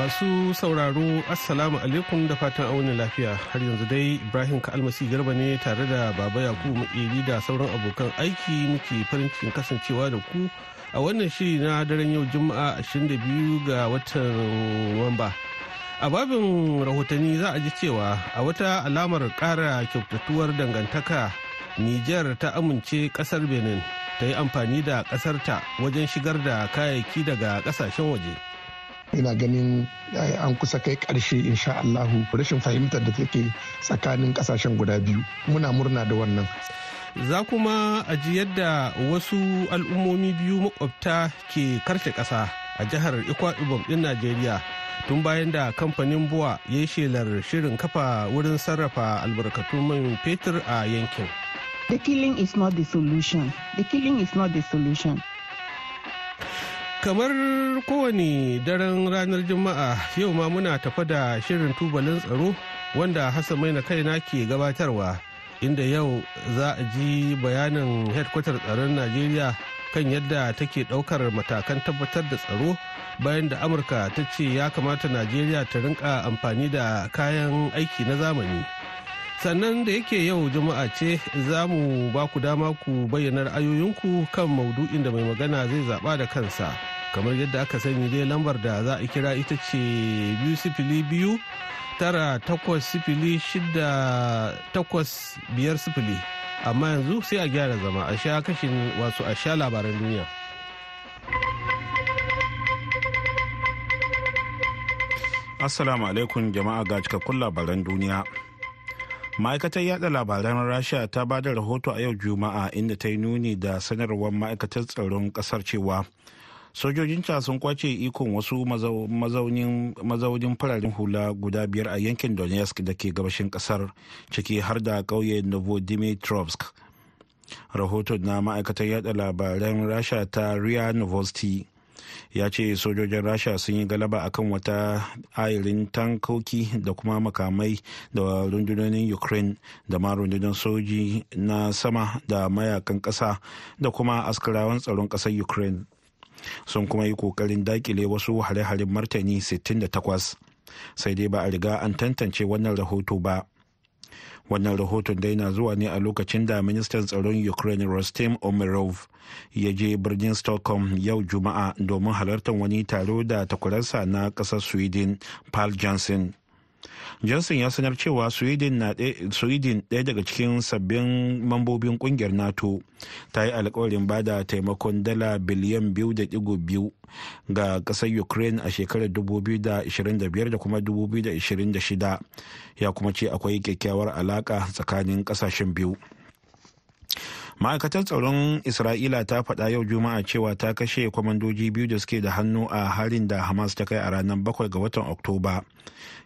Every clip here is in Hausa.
Masu sauraro Assalamu alaikum da fatan auni lafiya har yanzu dai Ibrahim ka almasi Garba ne tare da Baba Yakubu Makeri da sauran abokan aiki muke farin cikin kasancewa da ku a wannan shiri na daren yau Juma'a 22 ga watan Nuwamba. A babin rahotanni za a ji cewa a wata alamar kara kyautatuwar dangantaka niger ta amince kasar Benin ta yi amfani da kasarta wajen shigar da kayayyaki daga kasashen waje. ina ganin eh, an kusa kai ƙarshe insha Allahu rashin fahimtar da take tsakanin ƙasashen guda biyu muna murna da wannan. Za kuma aji yadda wasu al'ummomi biyu makwabta ke karshe ƙasa a jihar Ikwa Ibom ɗin Najeriya tun bayan da kamfanin buwa ya yi shelar shirin kafa wurin sarrafa albarkatun man fetur a yankin. The killing is not the solution. The killing is not the solution. kamar kowane daren ranar juma'a yau ma muna tafa da shirin tubalin tsaro wanda hassan maina kaina ke gabatarwa inda yau za a ji bayanin hedkwatar tsaron najeriya kan yadda take ɗaukar matakan tabbatar da tsaro bayan da amurka ta ce ya kamata najeriya ta rinka amfani da kayan aiki na zamani. sannan da yake yau juma'a ce za mu ba ku dama ku bayyana ra'ayoyinku kan maudu'in da mai magana zai zaɓa da kansa kamar yadda aka sani dai lambar da za a kira ita ce biyu sifili biyu tara takwas sifili shida takwas biyar sifili amma yanzu sai a gyara zama a sha kashin wasu a sha labaran duniya. Assalamu alaikum jama'a ga cikakkun labaran duniya. ma'aikatar yada labaran rasha ta ba da rahoto a yau juma'a inda ta yi nuni da sanarwar ma'aikatar tsaron kasar cewa sojojin ta sun kwace ikon wasu mazaunin fararen hula guda biyar a yankin donetsk da ke gabashin kasar ciki har da ƙauyen novodimitrovsk rahoton na ma'aikatar yada labaran rasha ta ria novosti ya ce sojojin rasha sun yi galaba akan wata ayirin tankoki da kuma makamai da rundunonin ukraine da ma rundunar soji na sama da mayakan kasa da kuma askarawan tsaron ƙasar ukraine sun kuma yi ƙoƙarin dakile wasu hare-haren martani 68 sai dai ba a riga an tantance wannan rahoto ba. wannan rahoton dai na zuwa ne a lokacin da ministan tsaron ukraine rostam omerov ya je birnin stockholm yau juma'a domin halartar wani taro da takwararsa na ƙasar sweden paul johnson johnson ya sanar cewa sweden ɗaya daga cikin sabbin mambobin kungiyar nato ta yi alkawarin bada taimakon dala biliyan 2.2 ga ƙasar ukraine a shekarar 2025 da kuma 2026 ya kuma ce akwai kyakkyawar alaka tsakanin ƙasashen biyu ma'aikatar tsaron isra'ila ta faɗa yau juma'a cewa ta kashe kwamandoji biyu da suke da hannu a harin da hamas ta kai a ranar bakwai ga watan oktoba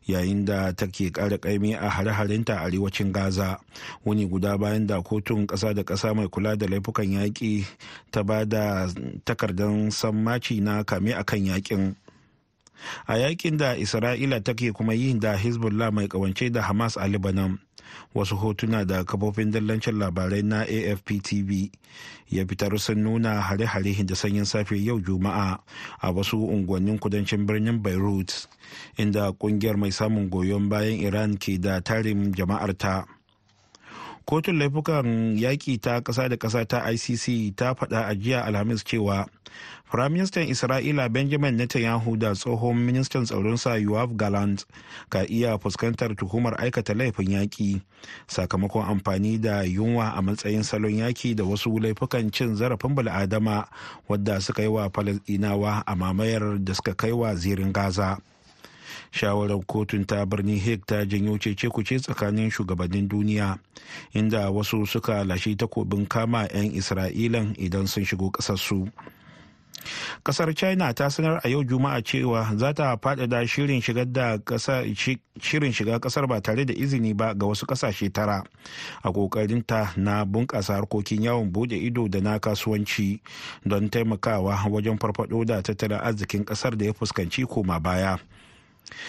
yayin da take ƙara ƙaimi a hare-harenta a arewacin gaza wani guda bayan da kotun ƙasa da ƙasa mai kula da laifukan yaƙi ta ba da takardar sammaci na kame akan yaƙin a yaƙin da isra'ila take kuma yi da hezbollah mai kawance da hamas a libanon wasu hotuna da kafofin dallancin labarai na afp tv ya fitar sun nuna hare-hare da sanyin safe yau juma'a a wasu unguwannin kudancin birnin beirut inda kungiyar mai samun goyon bayan iran ke da tarin jama'arta kotun laifukan yaƙi ta ƙasa da ƙasa ta icc ta faɗa a jiya alhamis cewa Firaministan Isra'ila Benjamin Netanyahu da tsohon ministan tsaronsa Yoav Gallant ka iya fuskantar tuhumar aikata laifin yaƙi sakamakon amfani da yunwa a matsayin salon yaki da wasu laifukan cin zarafin bala'adama wadda suka yi wa Falasɗinawa a mamayar da suka kai wa zirin Gaza. shawarar kotun ta birnin hague ta janyo cece kuce tsakanin shugabannin duniya inda wasu suka lashe takobin kama 'yan isra'ilan idan sun shigo ƙasarsu. su kasar china ta sanar a yau juma'a cewa za ta faɗaɗa shirin shiga kasar ba tare da izini ba ga wasu ƙasashe tara a kokarinta na bunƙasa harkokin yawon bude ido da na kasuwanci don taimakawa wajen farfaɗo da tattalin arzikin ƙasar da ya fuskanci koma baya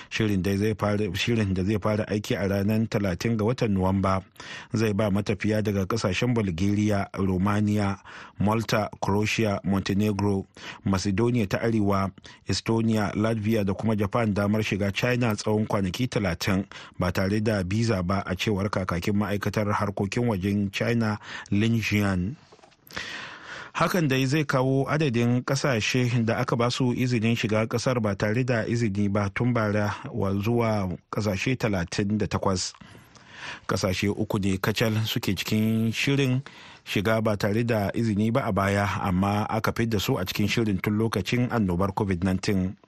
shirin da zai fara aiki a ranar 30 ga watan nuwamba zai ba matafiya daga kasashen bulgaria romania malta croatia montenegro macedonia ta arewa estonia latvia da kuma japan damar shiga china tsawon kwanaki 30 ba tare da biza ba a cewar kakakin ma'aikatar harkokin wajen china lin hakan dai zai kawo adadin kasashe da aka ba su izinin shiga kasar ba tare da izini ba tun bara wa zuwa kasashe 38 kasashe uku ne kacal suke cikin shirin shiga ba tare da izini ba a baya amma aka fi da su a cikin shirin tun lokacin annobar covid-19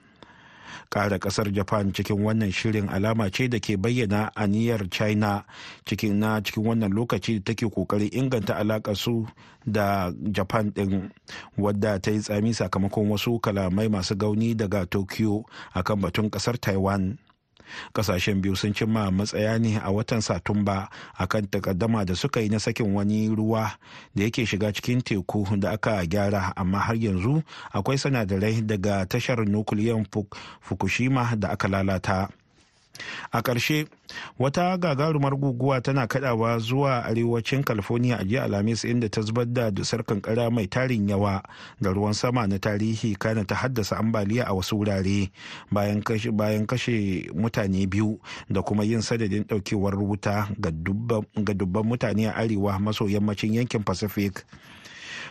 kara kasar japan cikin wannan shirin alama ce da ke bayyana aniyar china cikin na cikin wannan lokaci da take kokarin inganta su da japan din wadda ta yi tsami sakamakon wasu kalamai masu gauni daga tokyo akan batun kasar taiwan kasashen biyu sun cimma matsaya ne a watan satumba akan takaddama da suka yi na sakin wani ruwa da yake shiga cikin teku da aka gyara amma har yanzu akwai sanadarai daga tashar nukiliyan fukushima da aka lalata a ƙarshe wata gagarumar guguwa tana kadawa zuwa arewacin california a jiya alhamis inda ta zubar da dusar kankara mai tarin yawa da ruwan sama na tarihi kana ta haddasa ambaliya a wasu wurare bayan kashe mutane biyu da kuma yin sadadin daukewar wuta ga dubban mutane a arewa maso yammacin yankin pacific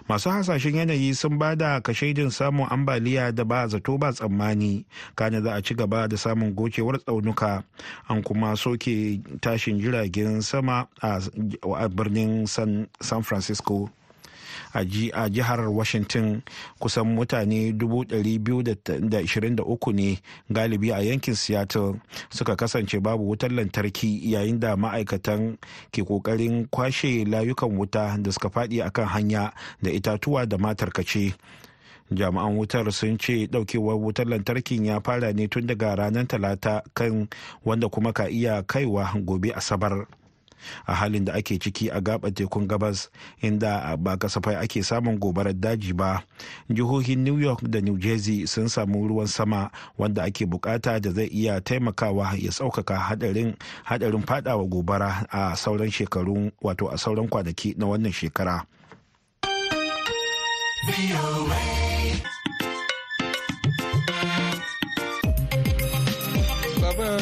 masu hasashen yanayi sun ba da kashaidin samun ambaliya da ba zato ba tsammani kane za a ci gaba da samun gokewar tsaunuka an kuma soke tashin jiragen sama a birnin san francisco a jihar washington kusan mutane 223 ne galibi a yankin seattle suka kasance babu wutar lantarki yayin da ma'aikatan ke kokarin kwashe layukan wuta da suka faɗi akan hanya da itatuwa da matarkace jami'an wutar sun ce daukewar wutar lantarkin ya fara ne tun daga ranar talata kan wanda kuma ka iya kaiwa gobe asabar. a halin da ake ciki a gaɓa tekun gabas inda ba kasafai ake samun gobarar daji ba jihohin new york da new jersey sun samu ruwan sama wanda ake bukata da zai iya taimakawa ya tsaukaka hadarin fadawa gobara a sauran shekarun wato a sauran kwanaki na wannan shekara.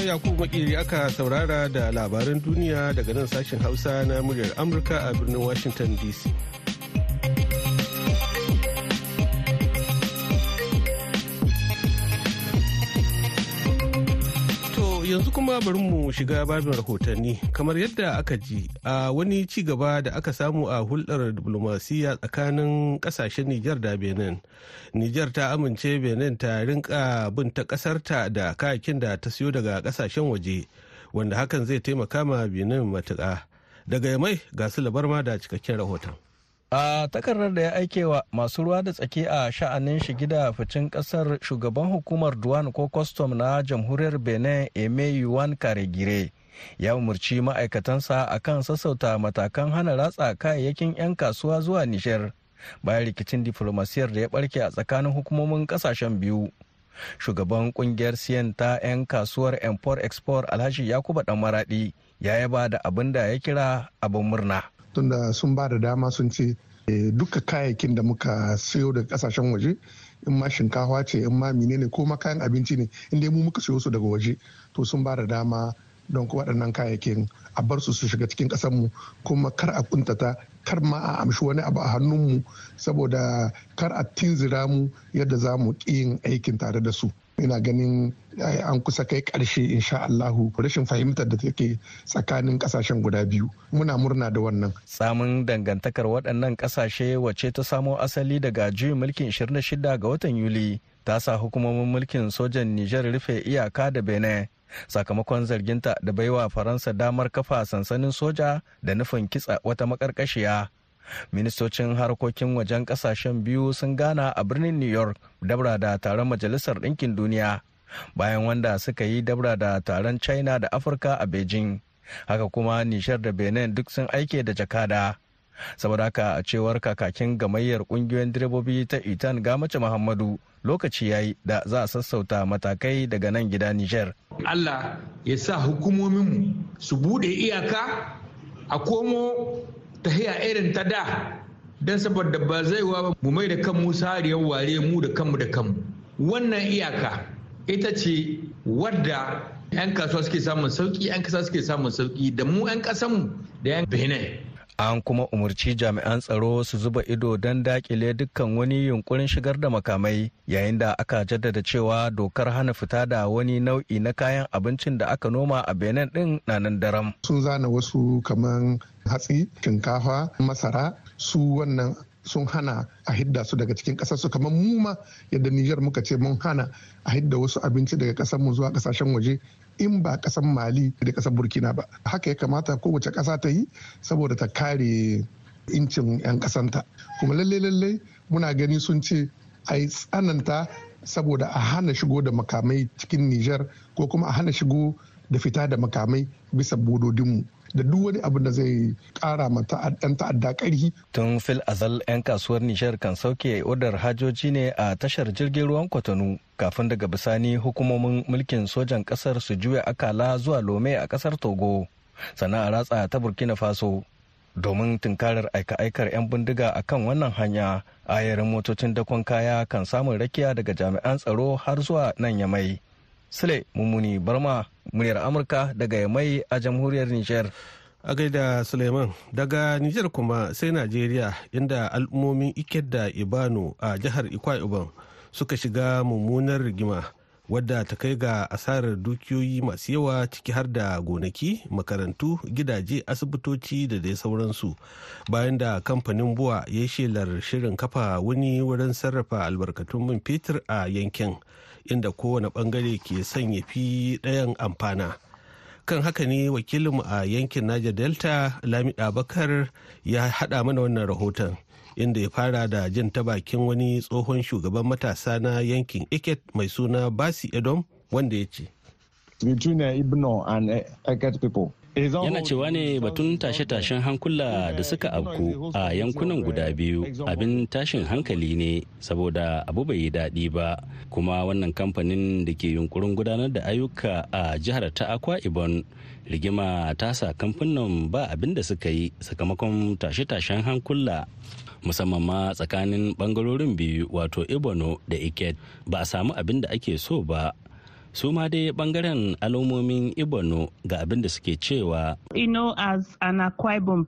Baba Yakubu Makiri aka saurara da labaran duniya daga nan sashen Hausa na muryar Amurka a birnin Washington DC. yanzu kuma bari mu shiga babin rahotanni kamar yadda aka ji a wani ci gaba da aka samu a hulɗar diplomasiya tsakanin ƙasashen Nijar da Benin. Nijar ta amince Benin ta rinka bin ta ƙasarta da kayakin da ta siyo daga ƙasashen waje wanda hakan zai taimaka ma Benin matuƙa. Daga mai ga su labar ma da cikakken rahoton. a takarar da ya aike wa masu ruwa da tsaki a sha'anin shi da ficin kasar shugaban hukumar duwan ko kwastom na jamhuriyar benin eme yuwan karegire ya umarci ma'aikatansa a kan sassauta matakan hana ratsa kayayyakin 'yan kasuwa zuwa nishar bayan rikicin diflomasiyar da ya barke a tsakanin hukumomin kasashen biyu shugaban kungiyar siyan ta 'yan kasuwar empor export alhaji yakuba dan maraɗi. ya yaba da abin da ya kira abin murna tunda sun ba da dama sun ce eh, duka kayayyakin da muka siyo daga kasashen waje in ma shinkafa ce in ma menene ko ma kayan abinci ne in dai mu muka siyo su daga waje to sun ba da dama don waɗannan kayayyakin a bar su su shiga cikin mu kuma kar a kuntata kar ma a amshi wani abu a hannunmu saboda kar a tinzira mu yadda za mu ƙi yin aikin tare da su ina ganin eh, an kusa kai ƙarshe insha Allahu rashin fahimtar da take tsakanin kasashen guda biyu muna murna da wannan. Samun dangantakar waɗannan ƙasashe wace ta samo asali daga juyin mulkin 26 ga watan Yuli ta sa hukumomin mulkin sojan Nijar rufe iyaka da bene sakamakon zarginta da baiwa Faransa damar kafa sansanin soja da nufin kitsa wata makarkashiya ministocin harkokin wajen kasashen biyu sun gana a birnin new york dabra da taron majalisar ɗinkin duniya bayan wanda suka yi dabra da taron china da afirka a beijing haka kuma nishar da benin duk sun aike da jakada saboda haka a cewar kakakin gamayyar kungiyoyin direbobi ta itan gamace muhammadu lokaci yayi da za a sassauta matakai daga nan gida nijar allah ya sa hukumominmu su buɗe iyaka a komo tahiya irin ta da don saboda ba zai wa mu mai da kanmu sariyar ware mu da kanmu da kanmu wannan iyaka ita ce wadda 'yan kasuwa suke samun sauki 'yan kasa suke samun sauki da mu 'yan kasanmu da 'yan benin an kuma umarci jami'an tsaro su zuba ido don dakile dukkan wani yunkurin shigar da makamai yayin da aka jaddada cewa dokar hana fita da wani nau'i na kayan abincin da aka noma a benin din na nan daram sun zana wasu kaman hatsi shinkafa masara su wannan sun hana a hidda su daga cikin kasar su kamar mu yadda Nijar muka ce mun hana a hidda wasu abinci daga kasar mu zuwa kasashen waje in ba kasan mali da kasan burkina ba haka ya kamata kowace kasa ta yi saboda ta kare incin 'yan kasanta kuma lalle lalle muna gani sun ce a yi tsananta saboda a hana shigo da makamai cikin nijar ko kuma a hana shigo da fita da makamai bisa bododinmu da duk wani abu da zai kara ma ɗan ta'adda ƙarfi. Tun fil azal 'yan kasuwar Nishar kan sauke odar hajoji ne a tashar jirgin ruwan Kwatano kafin daga bisani hukumomin mulkin sojan ƙasar su juya akala zuwa Lome a ƙasar Togo sana'a ratsa ta Burkina Faso. Domin tunkarar aika-aikar 'yan bindiga a kan wannan hanya, ayarin motocin dakon kaya kan samun rakiya daga jami'an tsaro har zuwa nan ya mai. Sule Mummuni Barma muryar Amurka daga Yamai a jamhuriyar Nijar. A gaida Suleiman daga Nijar kuma sai Najeriya inda al'ummomin da Ibano a jihar Ikwa Ibom suka shiga mummunar rigima. wadda ta kai ga asarar dukiyoyi masu yawa ciki har da gonaki makarantu gidaje asibitoci da dai sauransu bayan da kamfanin buwa ya shelar shirin kafa wani wurin sarrafa albarkatun min fetur a yankin inda kowane bangare ke sanya fi ɗayan amfana kan haka ne wakilinmu a yankin niger delta lamida bakar ya haɗa mana wannan rahoton inda ya fara da jin ta bakin wani tsohon shugaban matasa na yankin iket mai suna basi edom wanda ya ce yana cewa ne batun tashe-tashen hankula da suka afku a yankunan guda biyu abin tashin hankali ne saboda abu bai yi daɗi ba kuma wannan kamfanin da ke yunkurin gudanar da ayyuka a jihar ta akwa ibon rigima ta sa kamfanin ba abin da suka yi sakamakon tashe-tashen hankula musamman ma tsakanin bangarorin biyu wato ibono da iket ba a samu abin da ake so ba su ma dai bangaren alamomin ibono ga abin da suke cewa you know as an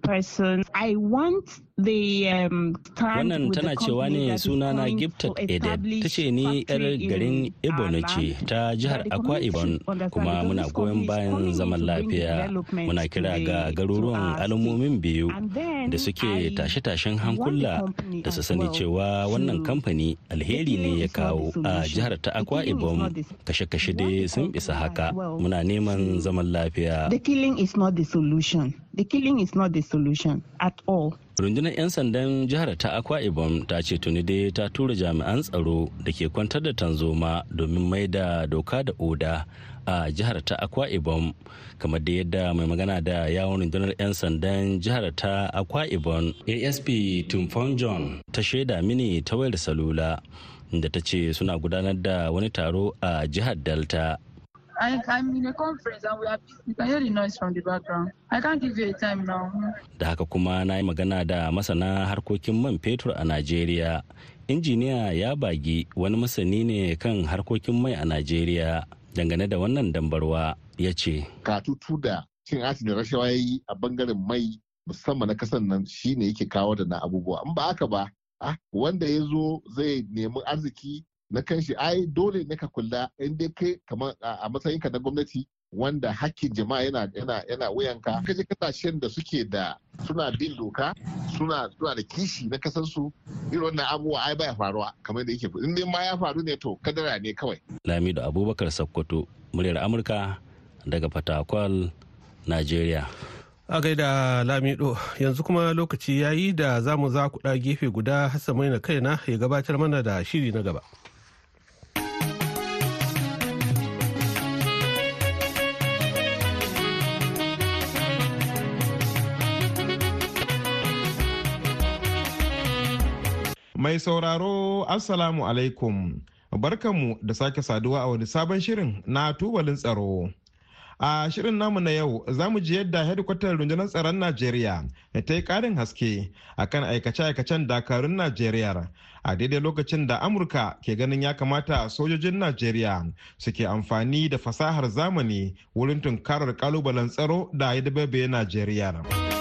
person i want Um, wannan tana cewa ne sunana Gifted Edeb ta ce ni 'yar garin Ebonyi ce ta jihar Akwa ibon kuma muna goyon bayan zaman lafiya muna kira ga garuruwan alamomin biyu da suke tashe-tashen hankula da su sani cewa wannan kamfani alheri ne ya kawo a jihar ta Akwa Ibon kashe-kashe dai sun isa haka muna neman zaman lafiya. The killing is not solution. at all. rundunar 'yan sandan jihar ta akwa ibom ta ce tuni dai ta tura jami'an tsaro da ke kwantar da tanzoma domin mai da doka da oda a jihar ta akwa ibom kamar da yadda mai magana da yawon rundunar 'yan sandan jihar ta akwa ibom asp tumfon john ta shaida mini ta wayar salula da ta ce suna gudanar da wani taro a jihar delta I, I'm in a conference and we are, you can hear the noise from the background. I can't give you a time now. Da haka kuma na yi magana da masana harkokin man fetur a Najeriya. Injiniya ya bagi wani masani ne kan harkokin mai a Najeriya dangane da wannan dambarwa ya ce. Katutu da cin ati da rashawa ya yi a bangaren mai musamman na kasan nan shi ne yake kawo da na abubuwa. In ba haka ba, ah, wanda ya zo zai nemi arziki na kan shi ai dole ne ka kula in dai kai kamar a matsayin ka na gwamnati wanda hakkin jama'a yana yana yana wuyanka kaje kasashen da suke da suna bin doka suna suna da kishi na kasan su irin wannan abubuwa ai baya faruwa kamar da yake in dai ma ya faru ne to kadara ne kawai Lamido Abubakar Sakkwato muryar Amurka daga Fatakwal Nigeria a gaida lamido yanzu kuma lokaci yayi da zamu za ku gefe guda hasa mai na kaina ya gabatar mana da shiri na gaba Mai sauraro Assalamu alaikum. Barkanmu da sake saduwa a wani sabon shirin na tubalin tsaro. A shirin namu na yau za mu ji yadda hedikwatar rundunar tsaron Najeriya ta yi karin haske a kan aikace-aikacen dakarun Najeriya a daidai lokacin da Amurka ke ganin ya kamata sojojin Najeriya suke amfani da fasahar zamani wurin tunkarar kalubalen tsaro da ya Najeriya. Najeriya.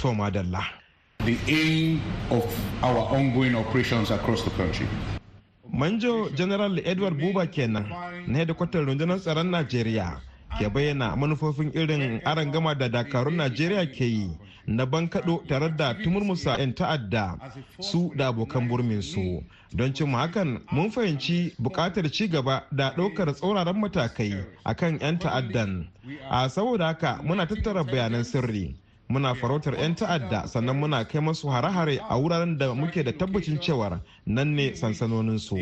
Toma Dalla. the aim of our ongoing operations across the country manjo general edward buba kenan na hedikwatar rundunar tsaron najeriya ke bayyana manufofin irin gama da dakarun najeriya ke yi na bankaɗo tare da tumurmusa 'yan ta'adda su da abokan burminsu don cimma hakan mun fahimci bukatar ci gaba da ɗaukar tsauraran matakai akan 'yan ta'addan a saboda haka muna tattara bayanan sirri muna farautar 'yan ta'adda sannan muna kai masu hare-hare a wuraren da muke da tabbacin cewar nan ne sansanoninsu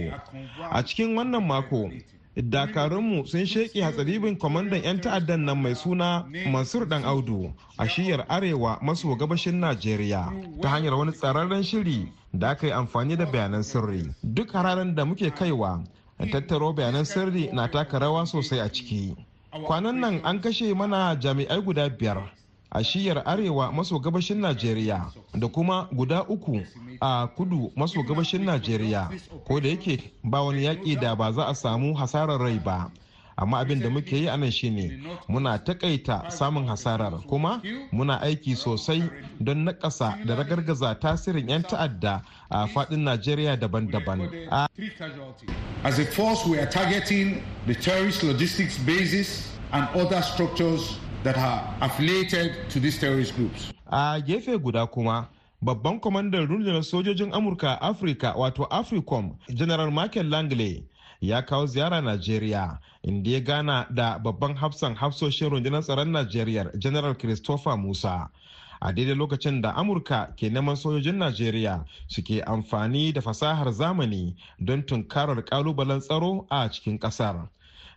a cikin wannan mako dakarunmu sun sheƙi hatsaribin kwamandan 'yan ta'addan nan mai suna mansur dan audu a shiyar arewa maso gabashin najeriya ta hanyar wani tsararren shiri da aka yi amfani da bayanan sirri duk hararen da muke kaiwa tattaro bayanan sirri na taka rawa sosai a ciki kwanan nan an kashe mana jami'ai guda biyar a shiyar arewa maso gabashin najeriya da kuma guda uku a kudu maso gabashin najeriya ko da yake ba wani yaƙi da ba za a samu hasarar rai ba amma abin da muke yi anan shine muna takaita samun hasarar kuma muna aiki sosai don nakasa da ragargaza tasirin 'yan ta'adda a fadin najeriya daban-daban as a force we are targeting the terrorist logistics bases and other structures that are affiliated to these terrorist groups. A gefe guda kuma, babban kwamandan rundunar sojojin Amurka afrika wato Africom, General Michael Langley, ya kawo ziyara Najeriya inda ya gana da babban hafsan hafsoshin rundunar tsaron Najeriya General Christopher Musa. a daidai lokacin da amurka ke neman sojojin najeriya suke amfani da fasahar zamani don tunkarar kalubalen tsaro a cikin kasar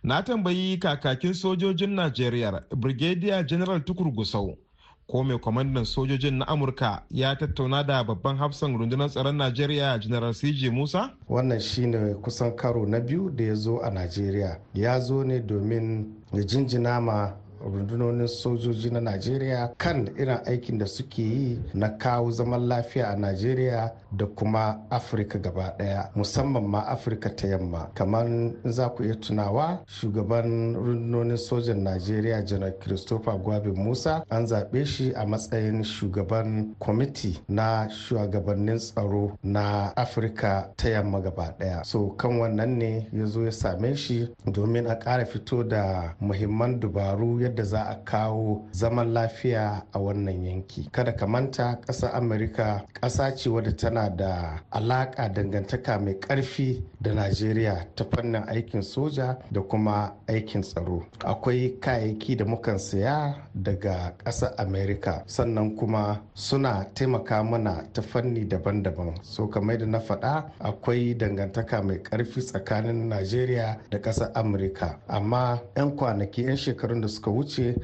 na tambayi kakakin sojojin najeriya brigadier general tukur gusau ko mai kwamandan sojojin na amurka ya tattauna da babban hafsan rundunar tsaron najeriya general cj musa wannan shine kusan karo na biyu da ya zo a najeriya ya zo ne domin ya jinjina ma rundunonin sojoji na najeriya kan irin aikin da suke yi na kawo zaman lafiya a najeriya da kuma afirka gaba daya musamman ma afirka ta yamma kamar za ku iya tunawa shugaban rundunonin sojan najeriya janar christopher gwabin musa an zaɓe shi a matsayin shugaban kwamiti na shugabannin tsaro na afirka ta yamma gaba daya so kan wannan ne ya zo ya same shi domin a ƙara fito da muhimman dubaru yadda za a kawo zaman lafiya a wannan yanki kada ka manta ƙasar amurka ƙasa ce wadda tana da alaƙa dangantaka mai ƙarfi da najeriya ta fannin aikin soja da kuma aikin tsaro akwai kayayyaki da mukan saya daga ƙasar amerika sannan kuma suna taimaka mana ta fanni daban-daban so kamar da na faɗa akwai dangantaka mai ƙarfi tsakanin najeriya da ƙasar amurka amma 'yan kwanaki 'yan shekarun da suka wuce wuce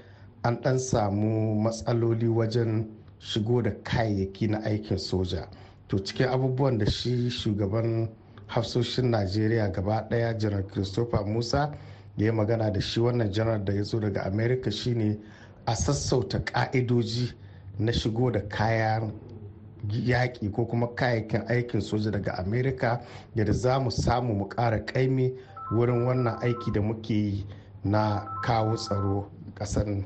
an ɗan samu matsaloli wajen shigo da kayayyaki na aikin soja to cikin abubuwan da shi shugaban hafsoshin najeriya gaba ɗaya janar christopher musa da ya magana da shi wannan janar da ya zo daga america shine a sassauta ka'idoji na shigo da kayan yaƙi ko kuma kayayyakin aikin soja daga amerika yadda za mu samu mu ƙara ƙaimi wurin wannan aiki da muke yi na kawo tsaro kasar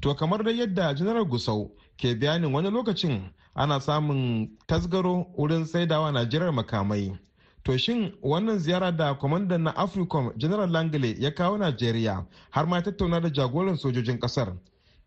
to kamar da yadda janar gusau ke bayanin wani lokacin ana samun tasgaro wurin saidawa najeriya makamai to shin wannan ziyara da kwamandan na africom general langley ya kawo najeriya har ma tattauna da jagoran sojojin kasar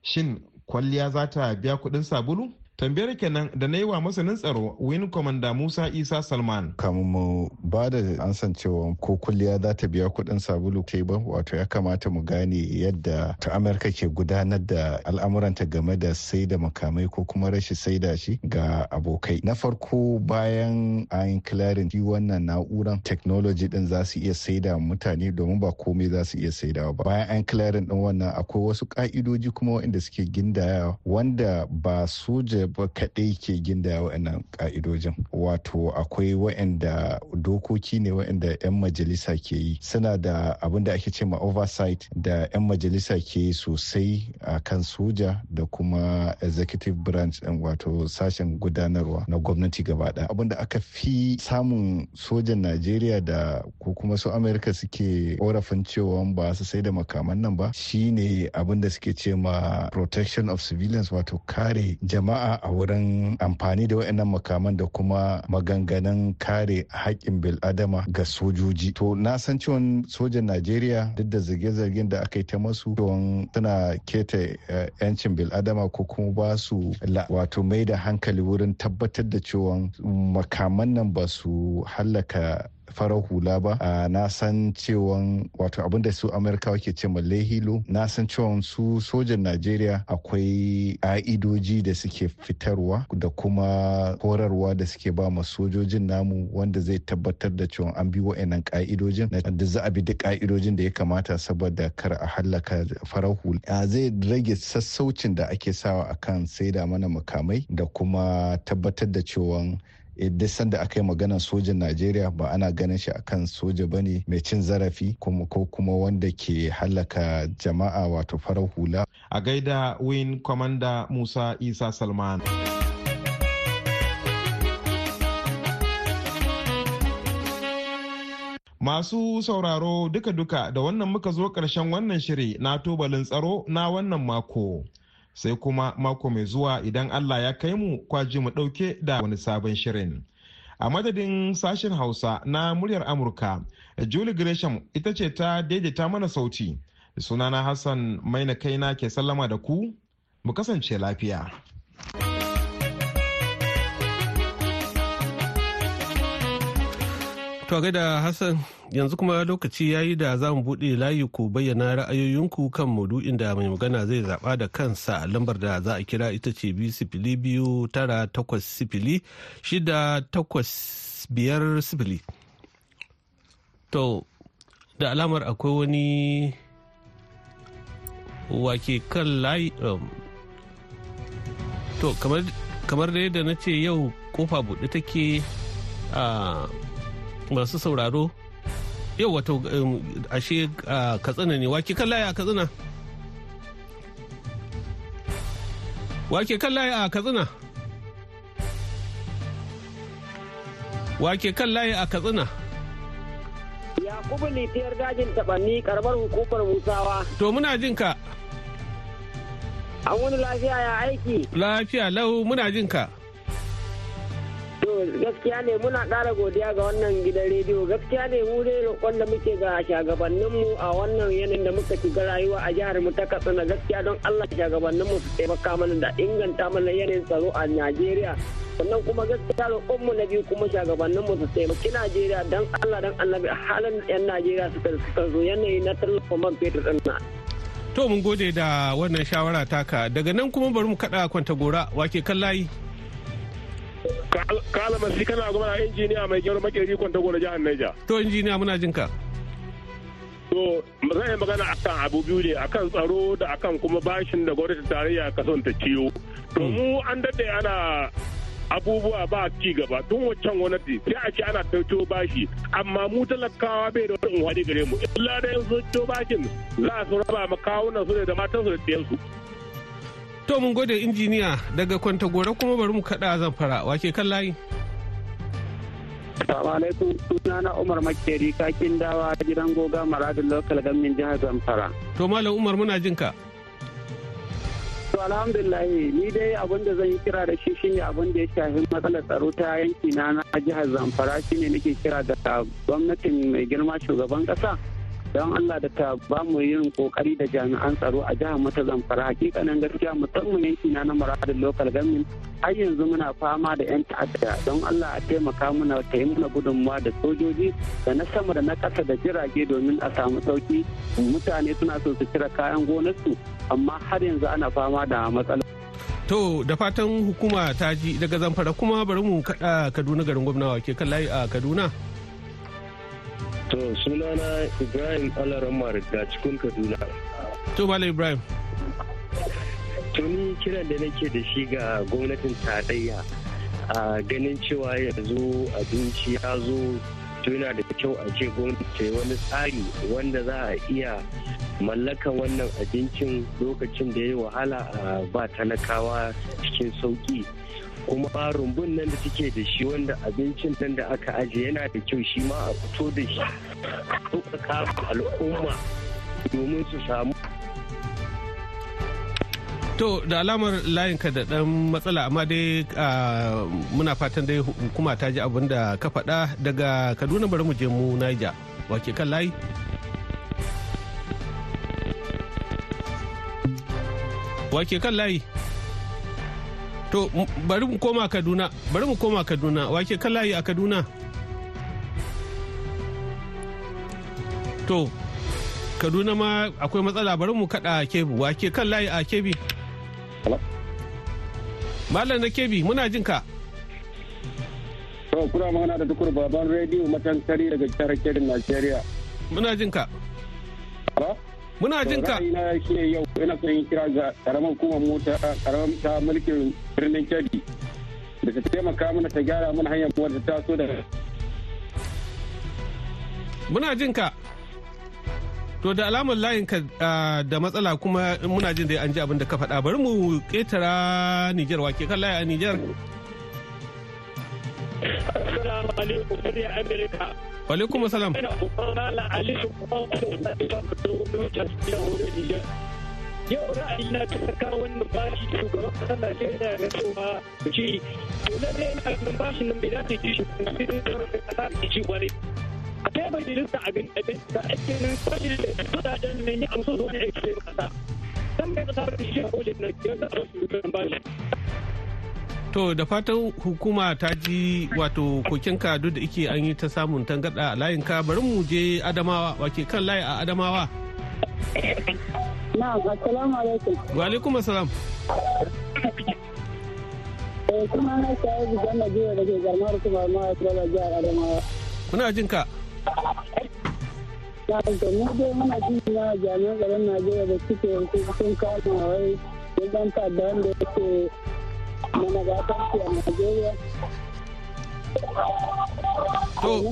shin kwalliya za ta biya kudin sabulu tambayar kenan da na yi wa masanin tsaro win komanda musa isa salman kamun mu ba da ansan cewa ko kulliya za ta biya kuɗin sabulu ta ba wato ya kamata mu gane yadda ta amurka ke gudanar da al'amuranta game da sai da makamai ko kuma rashin sai da shi ga abokai na farko bayan an clearing yi wannan na'uran technology din za su iya saida mutane domin ba komai za su iya saidawa ba bayan an kilarin din wannan akwai wasu ka'idoji kuma waɗanda suke gindaya wanda ba soja ba kaɗai ke gindaya wa'annan ƙa'idojin wato akwai wa'anda dokoki ne wa'anda 'yan majalisa ke yi suna da abinda ake ce ma oversight da 'yan majalisa ke yi sosai a kan soja da kuma executive branch ɗin wato sashen gudanarwa na gwamnati gaba ɗaya abin aka fi samun sojan najeriya da ko kuma su amerika suke ƙorafin cewa ba su sai da makaman nan ba shine abinda suke ce ma protection of civilians wato kare jama'a a wurin amfani da waɗannan makaman da kuma maganganun kare haƙƙin bil'adama ga sojoji to na san cewan sojan najeriya duk da zarge-zargen da aka yi ta masu don tana keta eh, yancin bil'adama ko kuma ba su wato mai da hankali wurin tabbatar da cewan makaman nan ba su hallaka farar hula ba na san cewan wato abinda su amurkawa ke ce hilo na san cewan su sojan najeriya akwai ka'idoji da suke fitarwa da kuma horarwa da suke ba ma sojojin namu wanda zai tabbatar da cewa an bi wa'annan ka'idojin da za a bi duk ka'idojin da ya kamata saboda kar a hallaka farar hula zai rage sassaucin da ake sawa akan sai da mana makamai da kuma tabbatar da cewa Eh, duk sanda aka yi maganar sojan najeriya ba ana ganin shi akan soja ba ne mai cin zarafi ko kuma wanda ke hallaka jama'a wato farar hula a gaida win kwamanda musa isa salman Masu sauraro duka-duka da wannan muka zo ƙarshen wannan shiri na tubalin tsaro na wannan mako. sai kuma mako mai zuwa idan Allah ya kai mu kwaji mu ɗauke da wani sabon shirin. A madadin sashen Hausa na muryar Amurka, Julie Gresham ita ce ta daidaita mana sauti. Sunana Hassan maina kaina ke sallama da ku, mu kasance lafiya. To gaida Hassan yanzu kuma lokaci yi da za mu buɗe layi ku bayyana ra'ayoyinku kan maudu'in da mai magana zai zaɓa da kansa lambar da za a kira ita ce biyu sifili biyu tara takwas sifili shida takwas biyar sifili. To da alamar akwai wani wake kan layi um, to kamar da yadda na ce yau kofa buɗe take a ah, masu sauraro yau wato um, ashe katsina ne wake kan laya katsina wake kan laya a katsina wake kan laya a katsina yakubu litiyar dajin tabanni karbar hukumar musawa to muna jin ka an wani lafiya ya aiki lafiya lau muna jin ka gaskiya ne muna ƙara godiya ga wannan gidan rediyo gaskiya ne mu dai roƙon da muke ga shagabanninmu a wannan yanayin da muka shiga rayuwa a jihar mu ta katsina gaskiya don Allah shagabanninmu su taimaka mana da inganta mana yanayin tsaro a Najeriya sannan kuma gaskiya roƙonmu na biyu kuma shagabanninmu su taimaki Najeriya don Allah don annabi halin 'yan Najeriya suka zo yanayi na tallafa man fetur ɗin To mun gode da wannan shawara taka daga nan kuma bari mu kaɗa kwanta gora wake kan layi. Kala Masi kana gwamna injiniya mai gyara makirri kwanta gona jihar Niger. To injiniya muna jin ka. To zan yi magana akan abu biyu ne akan tsaro da akan kuma bashin da gwamnatin tarayya kason ta ciwo. To hmm. mu an daɗe ana abubuwa ba ci gaba tun waccan gwamnati sai a ce ana tauto bashi amma mu talakawa bai da wani gare mu illa da yanzu tauto bashin za su raba ma kawunan su da su da ɗiyansu. To mun gode injiniya daga kwanta gore kuma bari mu kada zamfara wake kan layi. Assalamu alaikum suna Umar Makeri kakin dawa gidan goga maradin lokal gamin jihar Zamfara. To Malam Umar muna jin ka. To alhamdulillah ni dai abin da zan yi kira da shi shine abin da ya shafi matsalar tsaro ta yanki na na jihar Zamfara shine nake kira da gwamnatin mai girma shugaban kasa. don Allah da ta ba mu yin kokari da jami'an tsaro a jihar mata zamfara hakikanin gaskiya musamman yanki na na muradin local government har yanzu muna fama da yan ta'adda don Allah a taimaka muna ta yi muna gudunmawa da sojoji da na sama da na ƙasa da jirage domin a samu sauki mutane suna so su cire kayan gonarsu amma har yanzu ana fama da matsala. To da fatan hukuma ta ji daga zamfara kuma bari mu kaɗa Kaduna garin gwamna ke kan layi a Kaduna. To sunana Ibrahim Alaramar da cikin Kaduna. To Bala Ibrahim. Tuni kiran da nake da shi ga gwamnatin tarayya a ganin cewa yanzu abinci ya zo yana da kyau a ce gwamnati wani tsari wanda za a iya mallaka wannan abincin lokacin da ya yi wahala a ba talakawa cikin sauki kuma rumbun nan da suke da shi wanda abincin nan da aka aje yana da kyau shi ma a fito da shi ɗaukaka al'umma domin su samu To da alamar layinka da ɗan matsala amma dai muna fatan dai hukuma ta ji abin da ka faɗa daga Kaduna bari mu je mu Naija. Wake kan layi? Wake kan layi? to bari mu koma kaduna bari mu koma kaduna wake kalayi a kaduna to kaduna ma akwai matsala bari mu kada kebi wake kan layi a kebi malam na kebi muna jin ka ma magana da tukur baban rediyo matankari daga jihar kedin najeriya muna jin ka Muna jin ka. Ra'ayina shi ne yau ina son yin kira ga karamar kuma mota karamar ta mulkin birnin Kebbi. Da ta taimaka mana ta gyara mana hanyar kuma ta taso da. Muna jin ka. To da alamar layin ka da matsala kuma muna jin dai an ji abin da ka faɗa bari mu ƙetara Nijar wake kan layi a Nijar. Assalamu alaikum muryar Amerika. Wa salam. Yau ra'ayi na ta saka wannan shugaban kasar Najeriya ga cewa da shi to na dai na kan bashin nan A kai ake nan kasa. To da fatan hukuma ta ji wato kokinka duk da ike an yi ta samun tangada a ka bari mu je Adamawa wake kan layi a Adamawa. Na'am, assalamu alaikum. Wa alaikum assalam. Eh kuma na sai da janna jiya da ke garmar kuma ma tsara jihar Adamawa. Kuna jin ka? Na da mu dai muna jin na jami'an tsaron Najeriya da suke sun kawo wai dan ta'adda wanda yake mana a To,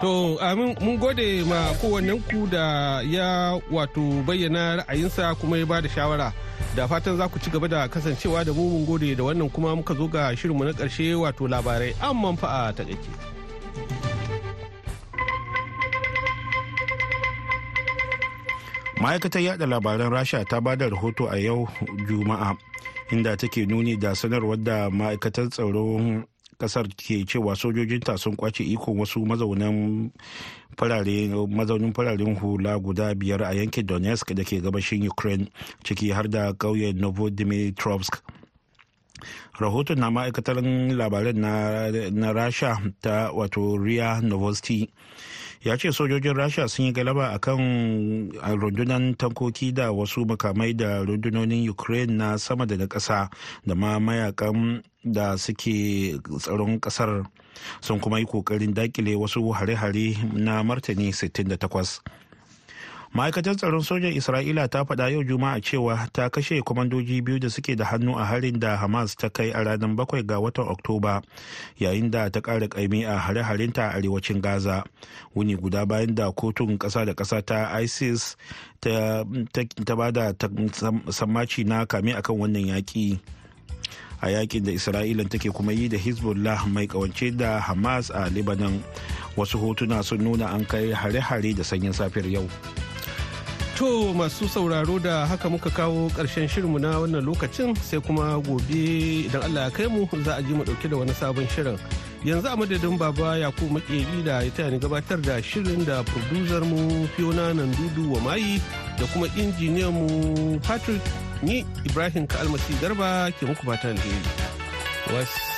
to mun gode ma kowannen ku da ya wato bayyana ra'ayinsa kuma ya ba da shawara. Da fatan za ku ci gaba da kasancewa da mu mun gode da wannan kuma muka zo ga shirinmu na ƙarshe wato labarai an manfa'a ta ƙaƙe. ma'aikatar yada labaran rasha ta ba da rahoto a yau juma'a inda take nuni da sanarwar da ma'aikatar tsaro kasar ke cewa sojojinta sun kwace ikon wasu farare mazaunin fararen hula guda biyar a yankin donetsk da ke gabashin ukraine ciki har da ƙauyen novodimitrovsk rahoton na ma'aikatar labaran na rasha ta wato ria novosti ya ce sojojin rasha sun yi galaba a kan rundunan tankoki da wasu makamai da rundunonin ukraine na sama da na ƙasa da ma mayakan da suke tsaron ƙasar sun kuma yi ƙoƙarin dakile wasu hare-hare na martani 68 ma'aikatar tsaron sojan isra'ila ta faɗa yau juma'a cewa ta kashe kwamandoji biyu da suke da hannu a harin da hamas ta kai a ranar bakwai ga watan oktoba yayin da ta ƙara ƙaimi a hare-harenta a arewacin gaza wuni guda bayan da kotun ƙasa da ƙasa ta isis ta ba da sammaci na kame akan wannan yaƙi a yakin da isra'ila take kuma yi da hezbollah mai kawance da hamas a libanon wasu hotuna sun nuna an kai hare-hare da sanyin safiyar yau To masu sauraro da haka muka kawo ƙarshen shirinmu na wannan lokacin sai kuma gobe idan Allah ya kai mu za a ji mu ɗauke da wani sabon shirin. Yanzu a madadin baba Yakubu Makeri da ya taya ni gabatar da shirin da producer mu Fiona Nandudu wa mayi da kuma injiniyan mu Patrick ni Ibrahim Ka'almasi Garba ke muku fatan alheri. Was